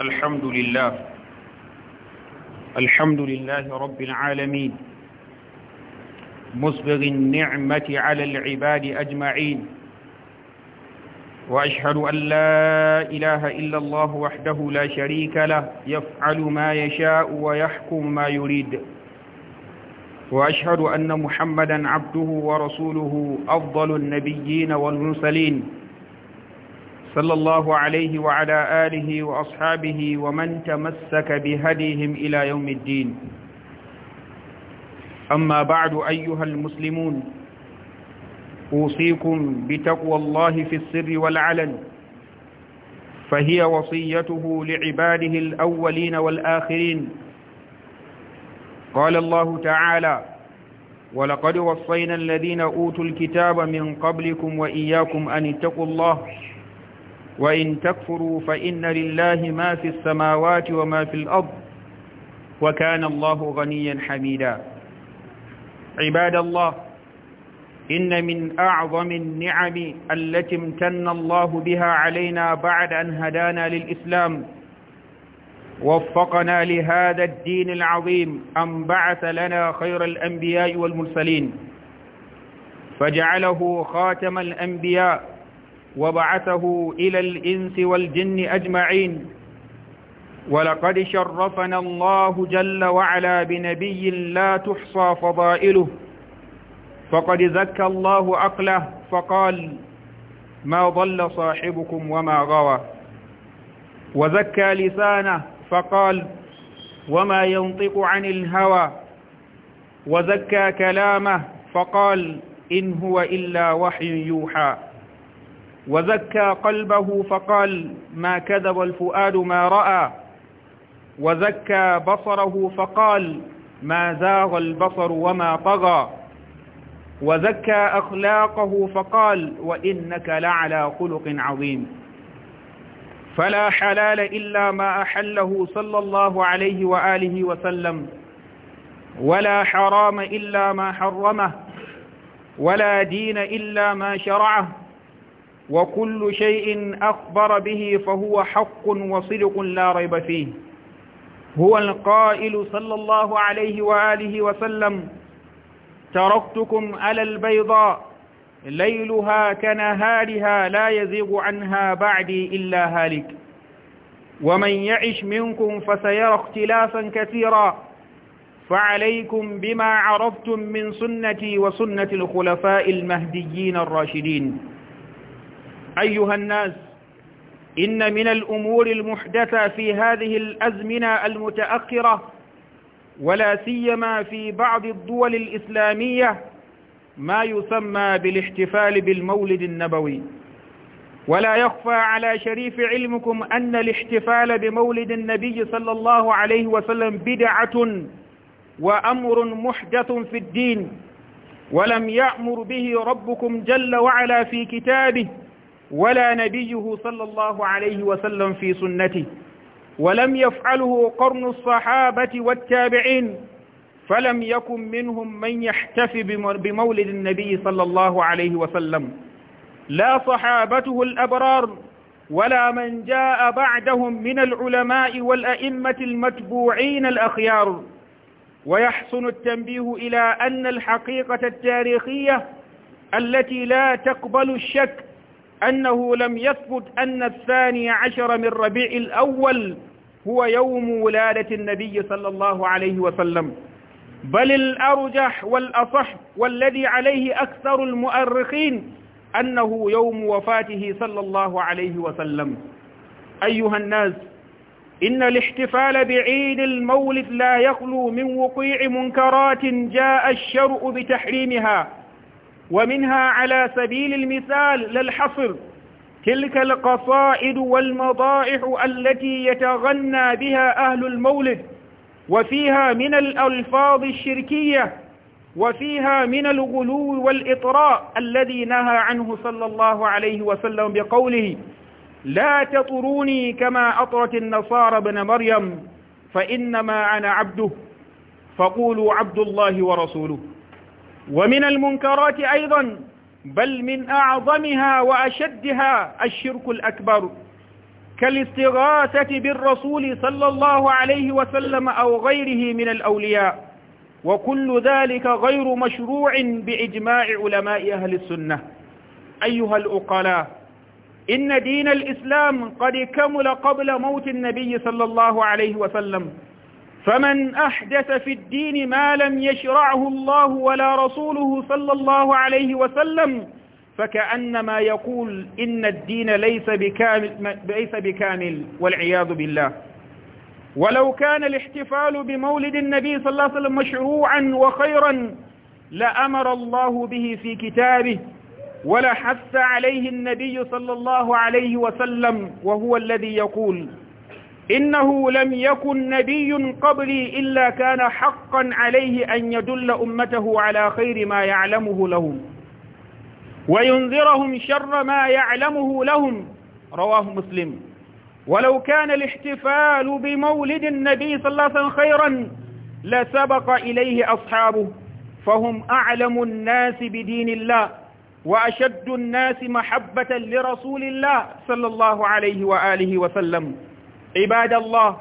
الحمد لله الحمد لله رب العالمين مسبغ النعمة على العباد أجمعين وأشهد أن لا إله إلا الله وحده لا شريك له يفعل ما يشاء ويحكم ما يريد وأشهد أن محمدا عبده ورسوله أفضل النبيين والمرسلين صلى الله عليه وعلى آله وأصحابه ومن تمسك بهديهم إلى يوم الدين أما بعد أيها المسلمون أوصيكم بتقوى الله في السر والعلن فهي وصيته لعباده الأولين والآخرين قال الله تعالى ولقد وصينا الذين أوتوا الكتاب من قبلكم وإياكم أن اتقوا الله وإن تكفروا فإن لله ما في السماوات وما في الأرض وكان الله غنيا حميدا عباد الله إن من أعظم النعم التي امتن الله بها علينا بعد أن هدانا للإسلام وفقنا لهذا الدين العظيم أن بعث لنا خير الأنبياء والمرسلين فجعله خاتم الأنبياء وبعثه إلى الإنس والجن أجمعين ولقد شرفنا الله جل وعلا بنبي لا تحصى فضائله فقد زكى الله عقله فقال ما ضل صاحبكم وما غوى وزكى لسانه فقال وما ينطق عن الهوى وزكى كلامه فقال إن هو إلا وحي يوحى وزكى قلبه فقال ما كذب الفؤاد ما رأى وزكى بصره فقال ما زاغ البصر وما طغى وزكى أخلاقه فقال وإنك لعلى خلق عظيم فلا حلال إلا ما أحله صلى الله عليه وآله وسلم ولا حرام إلا ما حرمه ولا دين إلا ما شرعه وكل شيء أخبر به فهو حق وصدق لا ريب فيه هو القائل صلى الله عليه وآله وسلم تركتكم على البيضاء ليلها كنهارها لا يزيغ عنها بعدي إلا هالك ومن يعش منكم فسيرى اختلافا كثيرا فعليكم بما عرفتم من سنتي وسنة الخلفاء المهديين الراشدين أيها الناس إن من الأمور المحدثة في هذه الأزمنة المتأخرة ولا سيما في بعض الدول الإسلامية ما يسمى بالاحتفال بالمولد النبوي ولا يخفى على شريف علمكم أن الاحتفال بمولد النبي صلى الله عليه وسلم بدعة وأمر محدث في الدين ولم يأمر به ربكم جل وعلا في كتابه ولا نبيه صلى الله عليه وسلم في سنته ولم يفعله قرن الصحابة والتابعين فلم يكن منهم من يحتفي بمولد النبي صلى الله عليه وسلم لا صحابته الأبرار ولا من جاء بعدهم من العلماء والأئمة المتبوعين الأخيار ويحسن التنبيه إلى أن الحقيقة التاريخية التي لا تقبل الشك أنه لم يثبت أن الثاني عشر من ربيع الأول هو يوم ولادة النبي صلى الله عليه وسلم بل الأرجح والأصح والذي عليه أكثر المؤرخين أنه يوم وفاته صلى الله عليه وسلم أيها الناس إن الاحتفال بعيد المولد لا يخلو من وقيع منكرات جاء الشرع بتحريمها ومنها على سبيل المثال للحصر تلك القصائد والمضائح التي يتغنى بها أهل المولد وفيها من الألفاظ الشركية وفيها من الغلو والإطراء الذي نهى عنه صلى الله عليه وسلم بقوله لا تطروني كما أطرت النصارى بن مريم فإنما أنا عبده فقولوا عبد الله ورسوله ومن المنكرات أيضا بل من أعظمها وأشدها الشرك الأكبر كالاستغاثة بالرسول صلى الله عليه وسلم أو غيره من الأولياء وكل ذلك غير مشروع بإجماع علماء أهل السنة أيها الأقلاء إن دين الإسلام قد كمل قبل موت النبي صلى الله عليه وسلم فمن أحدث في الدين ما لم يشرعه الله ولا رسوله صلى الله عليه وسلم فكأنما يقول إن الدين ليس بكامل, ليس بكامل والعياذ بالله ولو كان الاحتفال بمولد النبي صلى الله عليه وسلم مشروعا وخيرا لأمر الله به في كتابه ولحث عليه النبي صلى الله عليه وسلم وهو الذي يقول إنه لم يكن نبي قبلي إلا كان حقا عليه أن يدل أمته على خير ما يعلمه لهم وينذرهم شر ما يعلمه لهم رواه مسلم ولو كان الاحتفال بمولد النبي صلى الله عليه وسلم خيرا لسبق إليه أصحابه فهم أعلم الناس بدين الله وأشد الناس محبة لرسول الله صلى الله عليه وآله وسلم عباد الله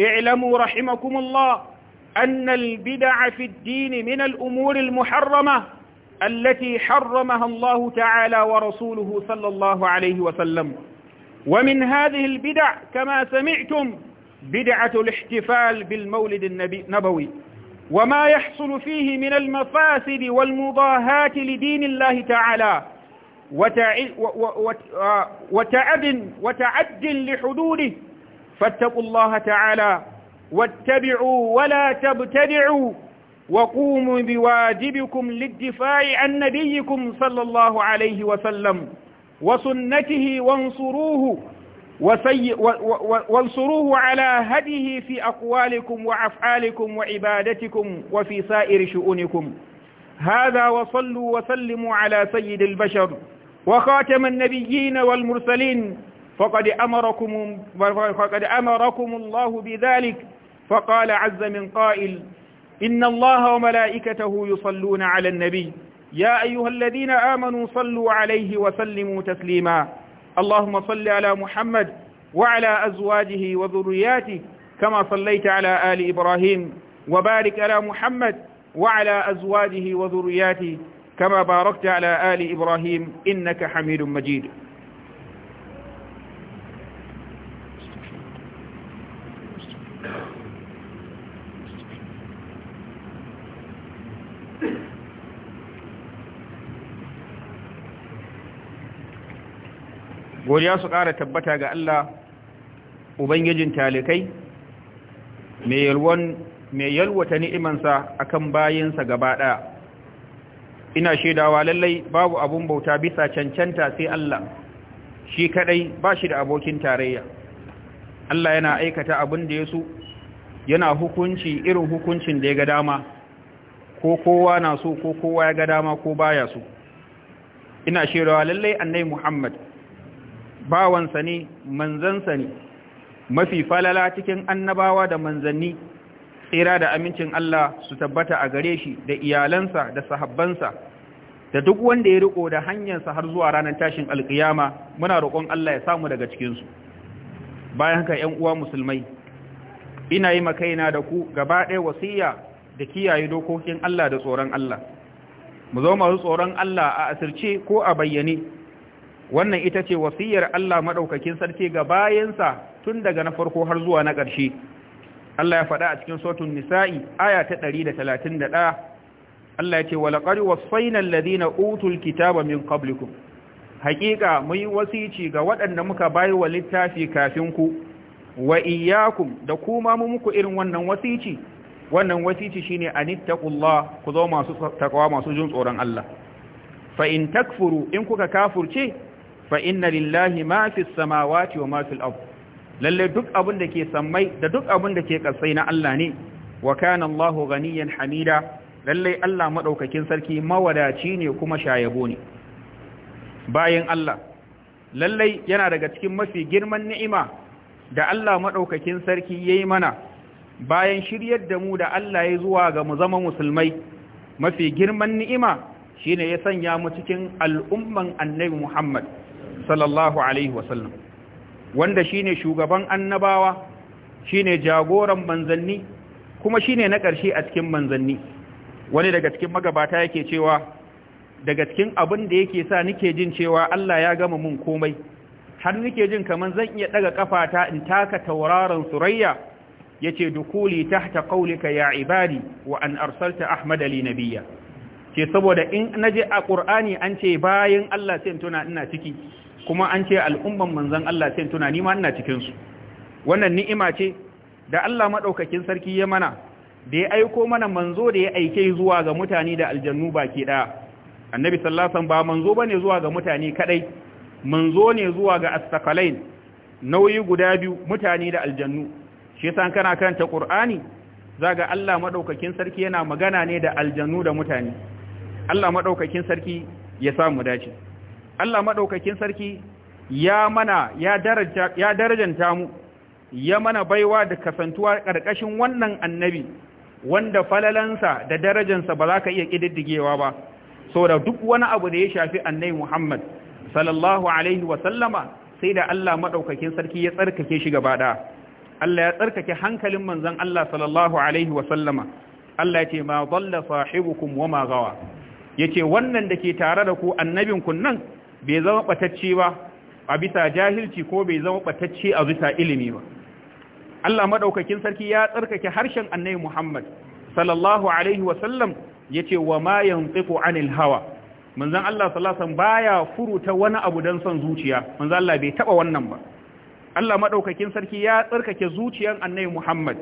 اعلموا رحمكم الله أن البدع في الدين من الأمور المحرمة التي حرمها الله تعالى ورسوله صلى الله عليه وسلم ومن هذه البدع كما سمعتم بدعة الاحتفال بالمولد النبوي وما يحصل فيه من المفاسد والمضاهات لدين الله تعالى آه، وتعد وتعد لحدوده فاتقوا الله تعالى واتبعوا ولا تبتدعوا وقوموا بواجبكم للدفاع عن نبيكم صلى الله عليه وسلم وسنته وانصروه وسي وانصروه على هديه في أقوالكم وأفعالكم وعبادتكم وفي سائر شؤونكم هذا وصلوا وسلموا على سيد البشر وخاتم النبيين والمرسلين فقد أمركم, فقد أمركم الله بذلك فقال عز من قائل إن الله وملائكته يصلون على النبي يا أيها الذين آمنوا صلوا عليه وسلموا تسليما اللهم صل على محمد وعلى أزواجه وذرياته كما صليت على آل إبراهيم وبارك على محمد وعلى أزواجه وذرياته كما باركت على آل إبراهيم إنك حميد مجيد godiya su ƙara tabbata ga Allah ubangijin talikai mai yalwata ni'imansa a kan bayansa gaba ɗaya ina shaidawa lallai babu abun bauta bisa cancanta sai Allah shi kaɗai ba shi da abokin tarayya Allah yana aikata abin da ya so yana hukunci irin hukuncin da ya ga dama ko kowa na so ko kowa ya ga dama ko baya so ina shirawa lallai annai muhammad bawansa ne manzansa ne mafi falala cikin annabawa da manzanni tsira da amincin Allah su tabbata a gare shi da iyalansa da sahabbansa da duk wanda ya riko da hanyarsa har zuwa ranar tashin alkiyama muna roƙon Allah ya samu daga cikinsu bayan haka ‘yan uwa musulmai ina yi makaina da ku gaba ɗaya wasiya da kiyaye dokokin Allah da tsoron Allah mu zo masu tsoron Allah a asirce ko a bayyane wannan ita ce wasiyar Allah madaukakin sarki ga bayansa tun daga na farko har zuwa na ƙarshe Allah ya faɗa a cikin sotun nisa'i aya ta 131 Allah ya ce walaqad wasaina alladhina utul kitaba min qablikum haƙiƙa muyi yi wasici ga waɗanda muka bayi wa littafi kafin ku wa iyyakum da kuma mu muku irin wannan wasici wannan wasici shine anittaqullah ku zo masu takawa masu jin tsoron Allah fa in takfuru in kuka kafurce fa inna lillahi ma fis samawati wa ma fil ard lalle duk abin da ke sammai da duk abin da ke kasai na Allah ne wa kana Allahu hamida lalle Allah madaukakin sarki mawadaci ne kuma shayabo ne bayan Allah lalle yana daga cikin mafi girman ni'ima da Allah madaukakin sarki yayi mana bayan shiryar da mu da Allah ya zuwa ga mu zama musulmai mafi girman ni'ima shine ya sanya mu cikin al'umman annabi Muhammad sallallahu alaihi wasallam wanda shine shugaban annabawa shine jagoran manzanni kuma shine na ƙarshe a cikin manzanni wani daga cikin magabata yake cewa daga cikin abin da yake sa nike jin cewa Allah ya gama mun komai har nike jin kaman zan iya daga kafata in taka tauraron surayya Ya yace dukuli tahta qaulika ya ibadi wa an arsalta ahmad ali nabiyya ce saboda in na je a qur'ani an ce bayan Allah sai tuna ina ciki kuma an ce al'umman manzon Allah sai tuna ni ma ina cikin wannan ni'ima ce da Allah maɗaukakin sarki ya mana da ya aiko mana manzo da ya aike zuwa ga mutane da aljannu baki ɗaya. annabi sallallahu alaihi wasallam ba manzo bane zuwa ga mutane kadai manzo ne zuwa ga astakalain nauyi guda biyu mutane da aljannu shi yasa kana karanta Qur'ani zaga Allah madaukakin sarki yana magana ne da aljannu da mutane Allah madaukakin sarki ya samu dace Allah madaukakin sarki ya mana ya daraja ya darajanta mu ya mana baiwa da kasantuwa karkashin wannan annabi wanda falalansa da darajansa ba za ka iya kididdigewa ba so da duk wani abu da ya shafi annabi Muhammad sallallahu alaihi wa sallama sai da Allah madaukakin sarki ya tsarkake shi gaba ɗaya Allah ya tsarkake hankalin manzon Allah sallallahu alaihi wa sallama Allah ce ma dalla sahibukum wa ma gawa yace wannan da ke tare da ku annabin kun nan bai zama batacce ba a bisa jahilci ko bai zama batacce a bisa ilimi ba Allah madaukakin sarki ya tsarkake harshen annabi Muhammad sallallahu alaihi wa sallam yace wa ma yantiqu anil hawa manzon Allah sallallahu alaihi wasallam baya furuta wani abu dan son zuciya manzon Allah bai taba wannan ba Allah maɗaukakin sarki ya tsarkake zuciyar annabi Muhammad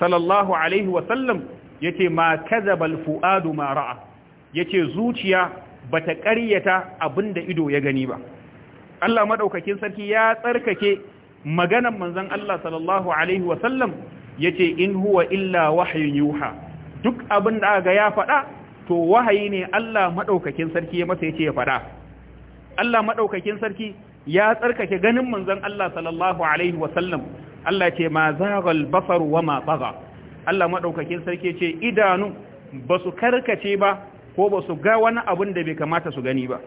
sallallahu alaihi wa sallam yace ma kadhaba balfu'adu ma ra'a yace zuciya bata ƙaryata abinda ido ya gani ba Allah maɗaukakin sarki ya tsarkake maganan manzon Allah sallallahu alaihi wa sallam yace in huwa illa wahyun yuha duk abin da ga ya faɗa to wahayi ne Allah maɗaukakin sarki ya masa yace ya faɗa Allah maɗaukakin sarki ya tsarkake ganin manzon Allah sallallahu alaihi wa sallam Allah ce ma zagal basar wa ma Allah madaukakin sarki ce idanu basu karkace ba ko basu ga wani abin da bai kamata su gani ba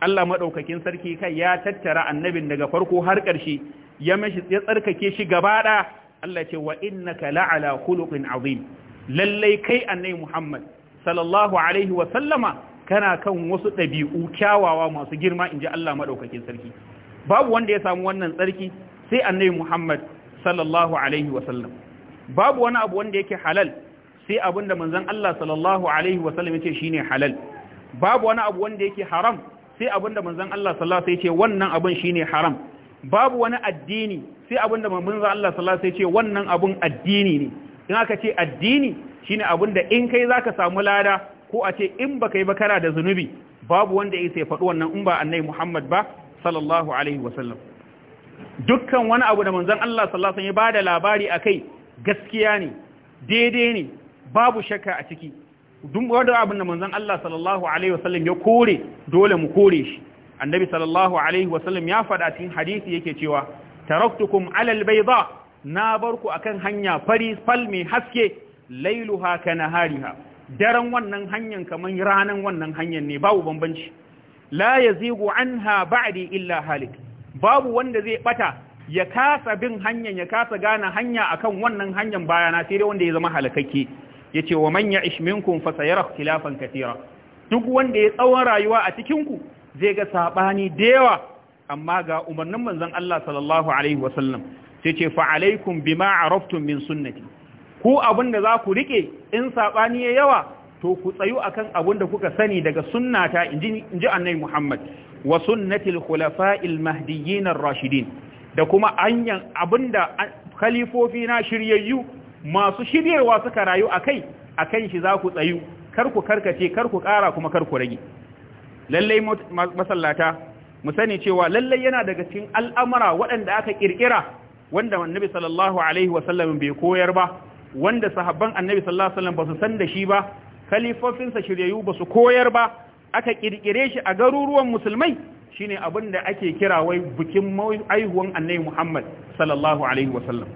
Allah madaukakin sarki kai ya tattara annabin daga farko har ƙarshe ya mashi ya tsarkake shi gaba da Allah ce wa innaka la'ala khuluqin azim lallai kai annabi Muhammad sallallahu alaihi wa sallama kana kan wasu ɗabi'u kyawawa masu girma inji Allah madaukakin sarki babu wanda ya samu wannan tsarki sai annabi Muhammad sallallahu alaihi wasallam babu wani abu wanda yake halal sai abin da manzon Allah sallallahu alaihi wasallam yace shine halal babu wani abu wanda yake haram sai abin da manzon Allah sallallahu alaihi wasallam yace wannan abin shine haram babu wani addini sai abin da manzon Allah sallallahu alaihi wasallam yace wannan abun addini ne in aka ce addini shine abin da in kai zaka samu lada ko a ce in baka yi ba kana da zunubi babu wanda ya sai faɗi wannan in ba annabi Muhammad ba sallallahu alaihi wasallam dukkan wani abu da manzon Allah sallallahu alaihi wasallam ya bada labari akai gaskiya ne daidai ne babu shakka a ciki duk wanda abin da manzon Allah sallallahu alaihi wasallam ya kore dole mu kore shi annabi sallallahu alaihi wasallam ya faɗa cikin hadisi yake cewa taraktukum alal bayda na barku akan hanya fari fal mai haske lailuha kana hariha daren wannan hanyan kamar ranan wannan hanyan ne babu bambanci la yazigu anha ba'di illa halik babu wanda zai bata ya kasa bin hanyar ya kasa gane hanya akan wannan hanyar bayana sai dai wanda ya zama halakakke yace wa manya ya'ish minkum fa sayara katira duk wanda ya tsawon rayuwa a cikin ku zai ga sabani da yawa amma ga umarnin manzon Allah sallallahu alaihi wasallam sai ce fa alaikum bima araftum min sunnati ku abinda za ku rike in sabani yawa to ku tsayu akan abun da kuka sani daga sunnata inji annabi Muhammad wa sunnatil khulafa'il mahdiyyin ar-rashidin da kuma anyan abinda khalifofi na shiryayyu masu shiryewa suka rayu akai akan shi za ku tsayu kar ku karkace kar ku kara kuma kar ku rage lalle masallata mu sani cewa lalle yana daga cikin al'amara waɗanda aka kirkira wanda annabi sallallahu alaihi wasallam bai koyar ba wanda sahabban annabi sallallahu alaihi wasallam ba su san da shi ba khalifofinsa shiryayyu ba su koyar ba aka kirkire shi a garuruwan musulmai shine abin da ake kira wai bikin aihuwan annabi Muhammad sallallahu alaihi wasallam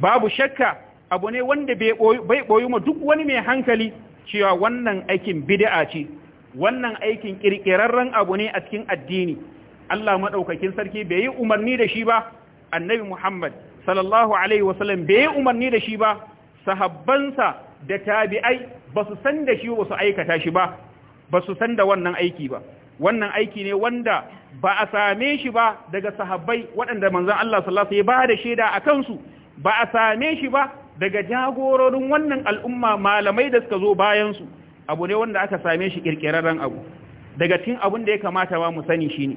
babu shakka abu ne wanda bai boyu ma duk wani mai hankali cewa wannan aikin bid'a ce wannan aikin kirkirarren abu ne a cikin addini Allah maɗaukakin sarki bai yi umarni da shi ba annabi Muhammad sallallahu alaihi wasallam bai yi umarni da shi ba sahabbansa da tabi'ai ba su san da shi ba su aikata shi ba ba su san da wannan aiki ba wannan aiki ne wanda ba a same shi ba daga sahabbai waɗanda manzon Allah sallallahu ya ba da shaida a kansu ba a same shi ba daga jagororin wannan al'umma malamai da suka zo bayansu. abu ne wanda aka same shi ƙirƙirarren abu daga cikin abin da ya kamata ma mu sani shine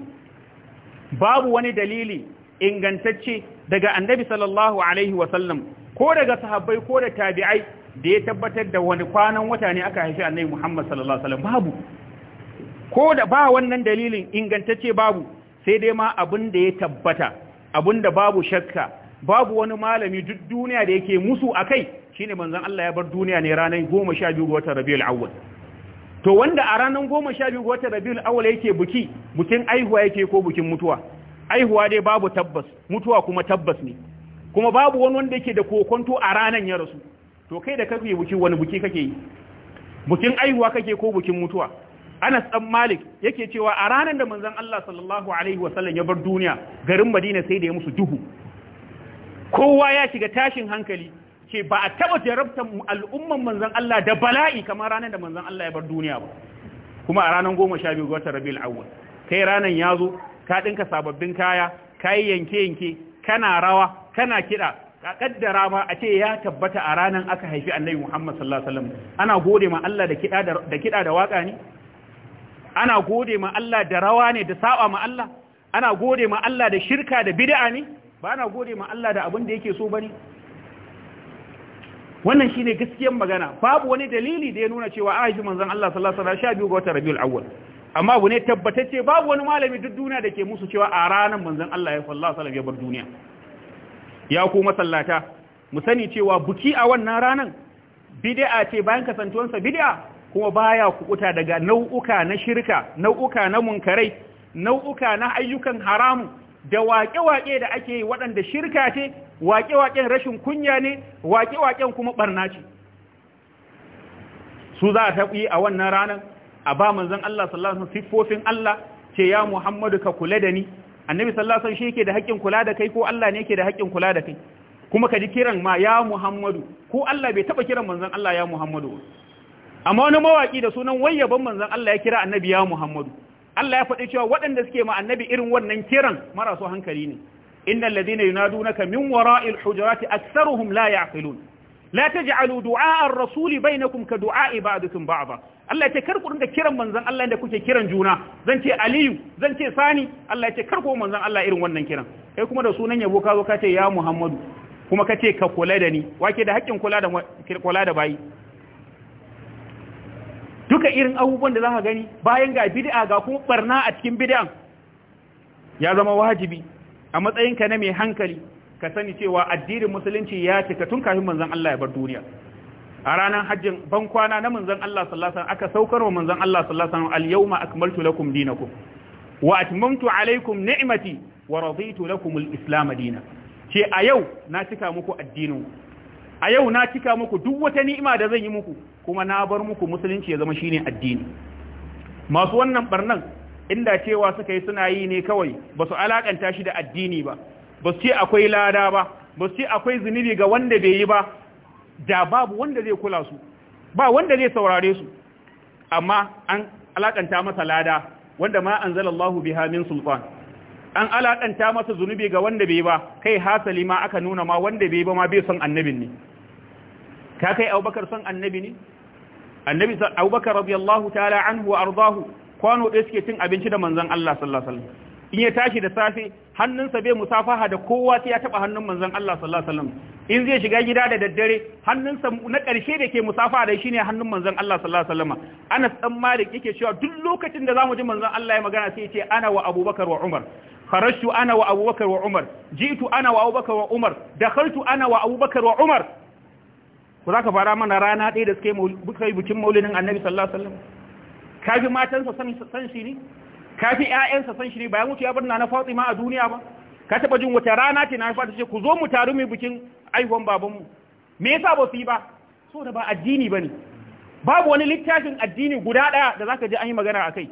babu wani dalili ingantacce daga annabi sallallahu alaihi wasallam ko daga sahabbai ko da tabi'ai da ya tabbatar da wani kwanan wata ne aka haifi annai Muhammad sallallahu alaihi wasallam babu ko da ba wannan dalilin ingantacce babu sai dai ma abin da ya tabbata abin da babu shakka babu wani malami duk duniya da yake musu a kai, shi ne manzan Allah ya bar duniya ne ranar goma sha ga watan Rabiul Awwal to wanda a ranar goma sha ga watan Rabiul Awwal yake buki bukin aihuwa yake ko bukin mutuwa aihuwa dai babu tabbas mutuwa kuma tabbas ne kuma babu wani wanda yake da kokonto a ranar ya rasu to kai da kake buki wani buki kake yi bukin aihuwa kake ko bukin mutuwa Anas dan Malik yake cewa a ranar da manzon Allah sallallahu alaihi wasallam ya bar duniya garin Madina sai da ya musu duhu kowa ya shiga tashin hankali ce ba a taba jarabtar al'umman manzon Allah da bala'i kamar ranar da manzon Allah ya bar duniya ba kuma a ranar goma sha biyu ga watan Rabiul Awwal kai ranar yazo ka dinka sababbin kaya kai yanke yanke kana rawa kana kiɗa ka kaddara ma a ce ya tabbata a ranan aka haifi annabi Muhammad sallallahu alaihi wasallam ana gode ma Allah da kida da kida da waka ne ana gode ma Allah da rawa ne da saba ma Allah ana gode ma Allah da shirka da bid'a ne ba ana gode ma Allah da abin da yake so bane wannan shine gaskiyar magana babu wani dalili da ya nuna cewa a haifi manzon Allah sallallahu alaihi wasallam 12 ga watan Rabiul Awwal amma abu ne tabbatacce babu wani malami duk duniya da ke musu cewa a ranar manzon Allah ya sallallahu alaihi wasallam ya bar duniya ya ku masallata mu sani cewa buki a wannan ranan bid'a ce bayan kasantuwansa bid'a kuma baya kukuta daga nau'uka na shirka nau'uka na munkarai nau'uka na ayyukan haramu da waƙe-waƙe da ake yi waɗanda shirka ce waƙe-waƙen rashin kunya ne waƙe-waƙen kuma ɓarna ce su za ta yi a wannan ranan a ba manzon Allah sallallahu alaihi wasallam siffofin Allah ce ya Muhammadu ka kula da ni annabi sallallahu alaihi wasallam shi yake da haƙƙin kula da kai ko Allah ne yake da haƙƙin kula da kai kuma ka ji kiran ma ya Muhammadu ko Allah bai taba kiran manzon Allah ya Muhammadu amma wani mawaki da sunan wayyaban manzon Allah ya kira annabi ya Muhammadu Allah ya faɗi cewa waɗanda suke ma annabi irin wannan kiran marasu hankali ne innal ladina yunadunaka min wara'il hujurati aktharuhum la ya'qilun la taj'alu du'a ar-rasuli bainakum ka du'a ibadakum ba. Allah ya ce kar ku kiran manzan Allah da kuke kiran juna zan ce Aliyu zan ce Sani Allah ya ce kar Allah irin wannan kiran kai kuma da sunan yabo ka zo ka ce ya Muhammadu kuma ka ce ka kula da ni wake da haƙƙin kula da kula bayi duka irin abubuwan da za ka gani bayan ga bid'a ga kuma barna a cikin bid'an ya zama wajibi a matsayinka na mai hankali ka sani cewa addinin musulunci ya cika tun kafin manzon Allah ya bar duniya a ranar hajjin ban kwana na manzon Allah sallallahu alaihi aka saukar wa manzon Allah sallallahu alaihi wasallam al-yawma akmaltu lakum dinakum wa atmamtu alaikum ni'mati wa raditu lakum al-islam dina. ce a yau na cika muku addinin a yau na cika muku duk wata ni'ima da zan yi muku kuma na bar muku musulunci ya zama shine addini masu wannan barnan inda cewa suka yi suna yi ne kawai ba su alakanta shi da addini ba ba su ce akwai lada ba ba su ce akwai zunubi ga wanda bai yi ba da babu wanda zai kula su ba wanda zai saurare su amma an alakanta masa lada wanda ma anzalallahu biha min sultan an alakanta masa zunubi ga wanda bai ba kai hasali ma aka nuna ma wanda bai ba ma bai son annabin ne ka kai abubakar son annabi ne annabi abubakar radiyallahu ta'ala anhu wa ardahu kwano ɗaya suke cin abinci da manzon Allah sallallahu alaihi wasallam in ya tashi da safe hannunsa bai musafaha da kowa sai ya taba hannun manzon Allah sallallahu alaihi wasallam in zai shiga gida da daddare hannunsa na ƙarshe da ke musafaha da shine hannun manzon Allah sallallahu alaihi wasallam Anas dan Malik yake cewa duk lokacin da zamu ji manzon Allah ya magana sai ya ce ana wa Abubakar wa Umar kharajtu ana wa Abubakar wa Umar jitu ana wa Abubakar wa Umar dakhaltu ana wa Abubakar wa Umar ku zaka fara mana rana ɗaya da suka yi bikin maulidin Annabi sallallahu alaihi wasallam kaji matansa san shi ne ka fi ƴaƴansa san shi ne bayan mutu ya bar na Fatima a duniya ba ka taba jin wata rana ce na fata ce ku zo mu taru mu bikin aihuwan babanmu me yasa ba su yi ba so da ba addini ba ne. babu wani littafin addini guda ɗaya da zaka ji an yi magana akai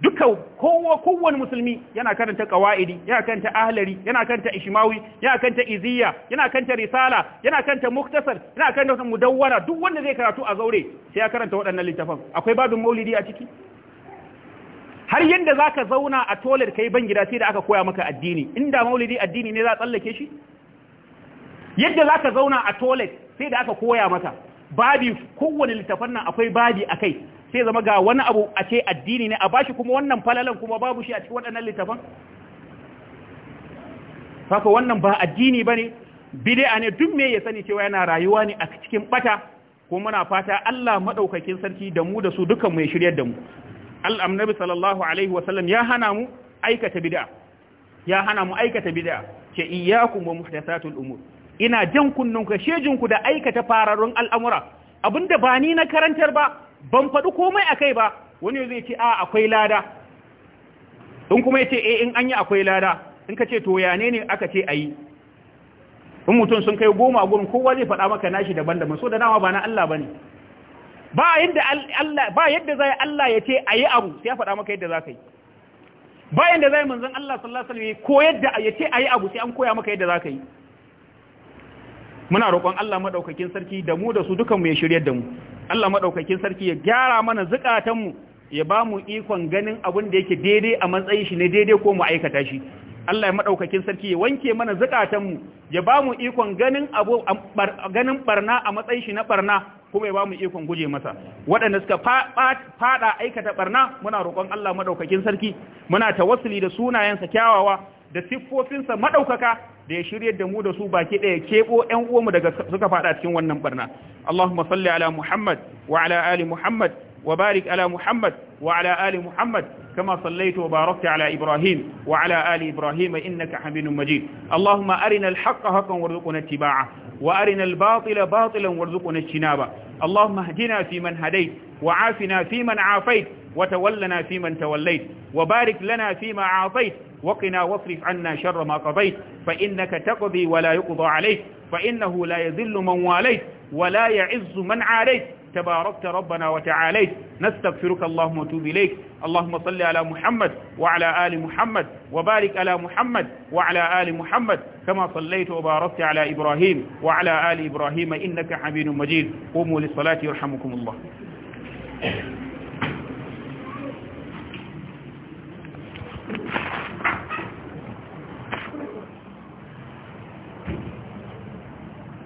duka kowa kowane musulmi yana karanta qawaidi yana karanta ahlari yana karanta ishmawi yana karanta iziyya, yana karanta risala yana karanta muktasar yana karanta mudawwara duk wanda zai karatu a zaure sai ya karanta waɗannan littafan akwai babin maulidi a ciki har yadda za ka zauna a tolar kai ban gida sai da aka koya maka addini inda maulidi addini ne za a tsallake shi yadda za ka zauna a toilet sai da aka koya maka babi kowane littafan nan akwai babi a kai sai zama ga wani abu a ce addini ne a bashi kuma wannan falalan kuma babu shi a cikin waɗannan littafan haka wannan ba addini ba ne bid'a ne duk me ya sani cewa yana rayuwa ne a cikin bata ko muna fata Allah madaukakin sarki da mu da su dukan mu ya shiryar da mu al'amnabi sallallahu alaihi wasallam ya hana mu aikata bid'a ya hana mu aikata bid'a ce iyyakum wa muhdathatul umur ina jan kunnun ka shejinku da aikata fararun al'amura abinda ba ni na karantar ba ban faɗi komai akai ba wani zai ce a akwai lada in kuma yace e eh, in an yi akwai lada in ka ce to ya ne ne aka ce ayi in mutum sun kai goma gurin kowa zai faɗa maka nashi daban-daban so da dama ba na Allah bane ba yadda Allah ba yadda zai Allah ya ce ayi abu sai ya faɗa maka yadda ka yi ba yadda zai manzon Allah sallallahu alaihi wasallam ko yadda ya ce ayi abu sai an koya maka yadda ka yi muna roƙon Allah madaukakin sarki da mu da su dukan mu ya shiryar da mu Allah madaukakin sarki ya gyara mana zukatan mu ya ba mu ikon ganin abin da yake daidai a matsayin shi ne daidai ko mu aikata shi Allah ya madaukakin sarki ya wanke mana zakatanmu ya ba mu ikon ganin abu ganin barna a matsayin shi na barna kuma ya ba mu ikon guje masa waɗanda suka faɗa aikata barna muna roƙon Allah maɗaukakin sarki muna tawassuli da sunayensa kyawawa da siffofinsa maɗaukaka da ya shirye da mu da su baki ɗaya keɓo ƴan uwanmu daga suka faɗa cikin wannan barna Allahumma salli ala Muhammad wa ala ali Muhammad وبارك على محمد وعلى آل محمد كما صليت وباركت على إبراهيم وعلى آل إبراهيم إنك حميد مجيد اللهم أرنا الحق حقا وارزقنا اتباعه وأرنا الباطل باطلا وارزقنا اجتنابه اللهم اهدنا فيمن هديت وعافنا فيمن عافيت وتولنا فيمن توليت وبارك لنا فيما عاطيت وقنا واصرف عنا شر ما قضيت فإنك تقضي ولا يقضى عليك فإنه لا يذل من واليت ولا يعز من عاديت تباركت ربنا وتعاليت نستغفرك اللهم وتوب إليك اللهم صل على محمد وعلى آل محمد وبارك على محمد وعلى آل محمد كما صليت وباركت على إبراهيم وعلى آل إبراهيم إنك حميد مجيد قوموا للصلاة يرحمكم الله